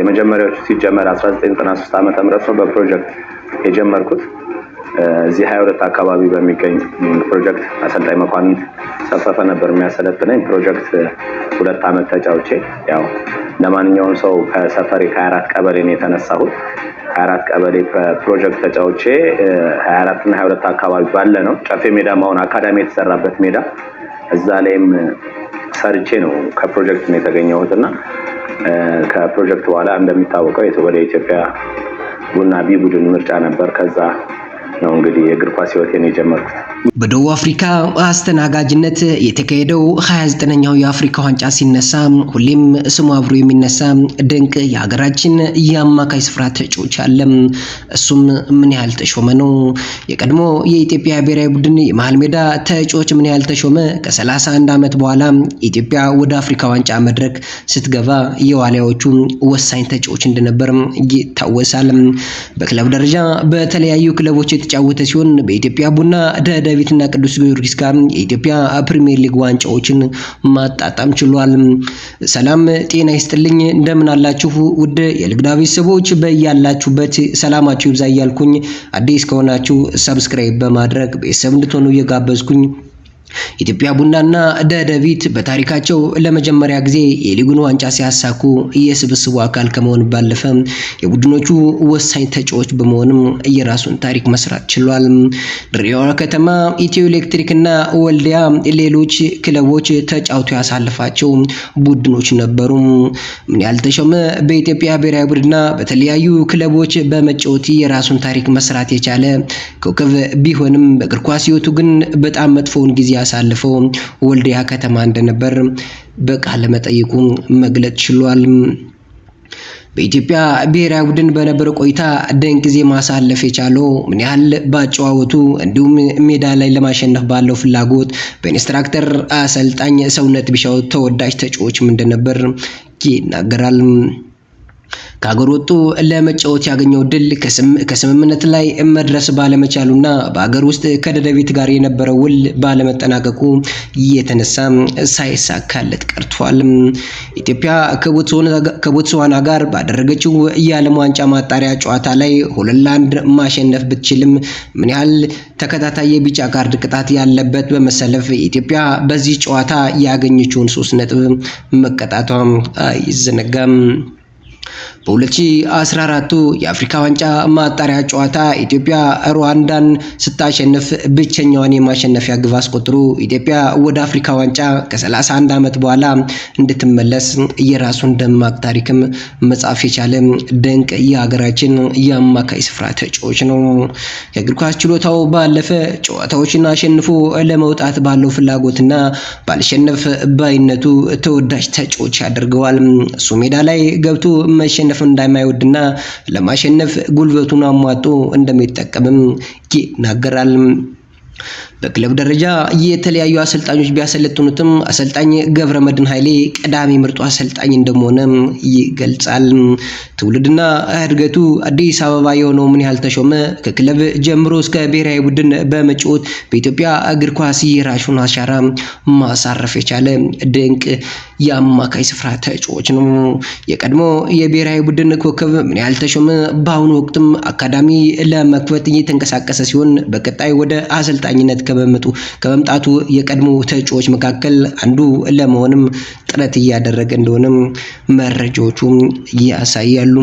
የመጀመሪያዎቹ ሲጀመር 1993 ዓ ም ነው በፕሮጀክት የጀመርኩት እዚህ 22 አካባቢ በሚገኝ ፕሮጀክት አሰልጣኝ መኳንንት ሰፈፈ ነበር የሚያሰለጥነኝ። ፕሮጀክት ሁለት ዓመት ተጫውቼ ያው ለማንኛውም ሰው ከሰፈሬ ከ24 ቀበሌ ነው የተነሳሁት። 24 ቀበሌ ፕሮጀክት ተጫውቼ 24 እና 22 አካባቢ ባለ ነው ጨፌ ሜዳ መሆን አካዳሚ የተሰራበት ሜዳ እዛ ላይም ሰርቼ ነው ከፕሮጀክት ነው የተገኘሁት እና ከፕሮጀክት በኋላ እንደሚታወቀው ወደ ኢትዮጵያ ቡና ቢ ቡድን ምርጫ ነበር። ከዛ ነው እንግዲህ የእግር ኳስ ህይወቴን የጀመርኩት። በደቡብ አፍሪካ አስተናጋጅነት የተካሄደው 29ኛው የአፍሪካ ዋንጫ ሲነሳ ሁሌም ስሙ አብሮ የሚነሳ ድንቅ የሀገራችን የአማካይ ስፍራ ተጫዋች አለ። እሱም ምን ያህል ተሾመ ነው። የቀድሞ የኢትዮጵያ ብሔራዊ ቡድን የመሃል ሜዳ ተጫዋች ምን ያህል ተሾመ ከ31 ዓመት በኋላ ኢትዮጵያ ወደ አፍሪካ ዋንጫ መድረክ ስትገባ የዋሊያዎቹ ወሳኝ ተጫዋች እንደነበር ይታወሳል። በክለብ ደረጃ በተለያዩ ክለቦች የተጫወተ ሲሆን በኢትዮጵያ ቡና ደደ ቤትና ቅዱስ ጊዮርጊስ ጋር የኢትዮጵያ ፕሪሚየር ሊግ ዋንጫዎችን ማጣጣም ችሏል። ሰላም ጤና ይስጥልኝ፣ እንደምን አላችሁ ውድ የልግዳ ቤተሰቦች፣ በያላችሁበት ሰላማችሁ ይብዛ እያልኩኝ አዲስ ከሆናችሁ ሰብስክራይብ በማድረግ ቤተሰብ እንድትሆኑ እየጋበዝኩኝ ኢትዮጵያ ቡናና ደደቢት በታሪካቸው ለመጀመሪያ ጊዜ የሊጉን ዋንጫ ሲያሳኩ የስብስቡ አካል ከመሆን ባለፈ የቡድኖቹ ወሳኝ ተጫዋች በመሆንም የራሱን ታሪክ መስራት ችሏል። ድሬዳዋ ከተማ፣ ኢትዮ ኤሌክትሪክና ወልዲያ ሌሎች ክለቦች ተጫውቶ ያሳለፋቸው ቡድኖች ነበሩ። ምንያህል ተሾመ በኢትዮጵያ ብሔራዊ ቡድንና በተለያዩ ክለቦች በመጫወት የራሱን ታሪክ መስራት የቻለ ኮከብ ቢሆንም በእግር ኳስ ግን በጣም መጥፎውን ጊዜ አሳልፎ ወልዲያ ከተማ እንደነበር በቃለ መጠይቁ መግለጽ ችሏል። በኢትዮጵያ ብሔራዊ ቡድን በነበረ ቆይታ ደንቅ ጊዜ ማሳለፍ የቻለው ምን ያህል በአጨዋወቱ እንዲሁም ሜዳ ላይ ለማሸነፍ ባለው ፍላጎት በኢንስትራክተር አሰልጣኝ ሰውነት ቢሻው ተወዳጅ ተጫዎችም እንደነበር ይናገራል። ከሀገር ወጡ ለመጫወት ያገኘው ድል ከስምምነት ላይ መድረስ ባለመቻሉና በሀገር ውስጥ ከደደቢት ጋር የነበረው ውል ባለመጠናቀቁ እየተነሳ ሳይሳካለት ቀርቷል። ኢትዮጵያ ከቦትስዋና ጋር ባደረገችው የዓለም ዋንጫ ማጣሪያ ጨዋታ ላይ ሆለላንድ ማሸነፍ ብትችልም ምን ያህል ተከታታይ የቢጫ ካርድ ቅጣት ያለበት በመሰለፍ ኢትዮጵያ በዚህ ጨዋታ ያገኘችውን ሶስት ነጥብ መቀጣቷ አይዘነጋም። በ2014ቱ የአፍሪካ ዋንጫ ማጣሪያ ጨዋታ ኢትዮጵያ ሩዋንዳን ስታሸንፍ ብቸኛዋን የማሸነፊያ ግብ አስቆጥሮ ኢትዮጵያ ወደ አፍሪካ ዋንጫ ከ31 ዓመት በኋላ እንድትመለስ የራሱን ደማቅ ታሪክም መጻፍ የቻለ ድንቅ የሀገራችን የአማካይ ስፍራ ተጫዋች ነው። የእግር ኳስ ችሎታው ባለፈ ጨዋታዎችን አሸንፎ ለመውጣት ባለው ፍላጎትና ባልሸነፍ ባይነቱ ተወዳጅ ተጫዋች ያደርገዋል። እሱ ሜዳ ላይ ገብቶ መሸነፍ እንደማይወድና ለማሸነፍ ጉልበቱን አሟጦ እንደሚጠቀምም ይናገራል። በክለብ ደረጃ የተለያዩ አሰልጣኞች ቢያሰለጥኑትም አሰልጣኝ ገብረ መድን ኃይሌ ቀዳሚ ምርጡ አሰልጣኝ እንደመሆነ ይገልጻል። ትውልድና እድገቱ አዲስ አበባ የሆነው ምን ያህል ተሾመ ከክለብ ጀምሮ እስከ ብሔራዊ ቡድን በመጫወት በኢትዮጵያ እግር ኳስ የራሹን አሻራ ማሳረፍ የቻለ ድንቅ የአማካይ ስፍራ ተጫዋች ነው። የቀድሞ የብሔራዊ ቡድን ኮከብ ምን ያህል ተሾመ? በአሁኑ ወቅትም አካዳሚ ለመክፈት እየተንቀሳቀሰ ሲሆን በቀጣይ ወደ አሰልጣኝነት ከመምጣቱ የቀድሞ ተጫዋች መካከል አንዱ ለመሆንም ጥረት እያደረገ እንደሆነም መረጃዎቹ ያሳያሉ።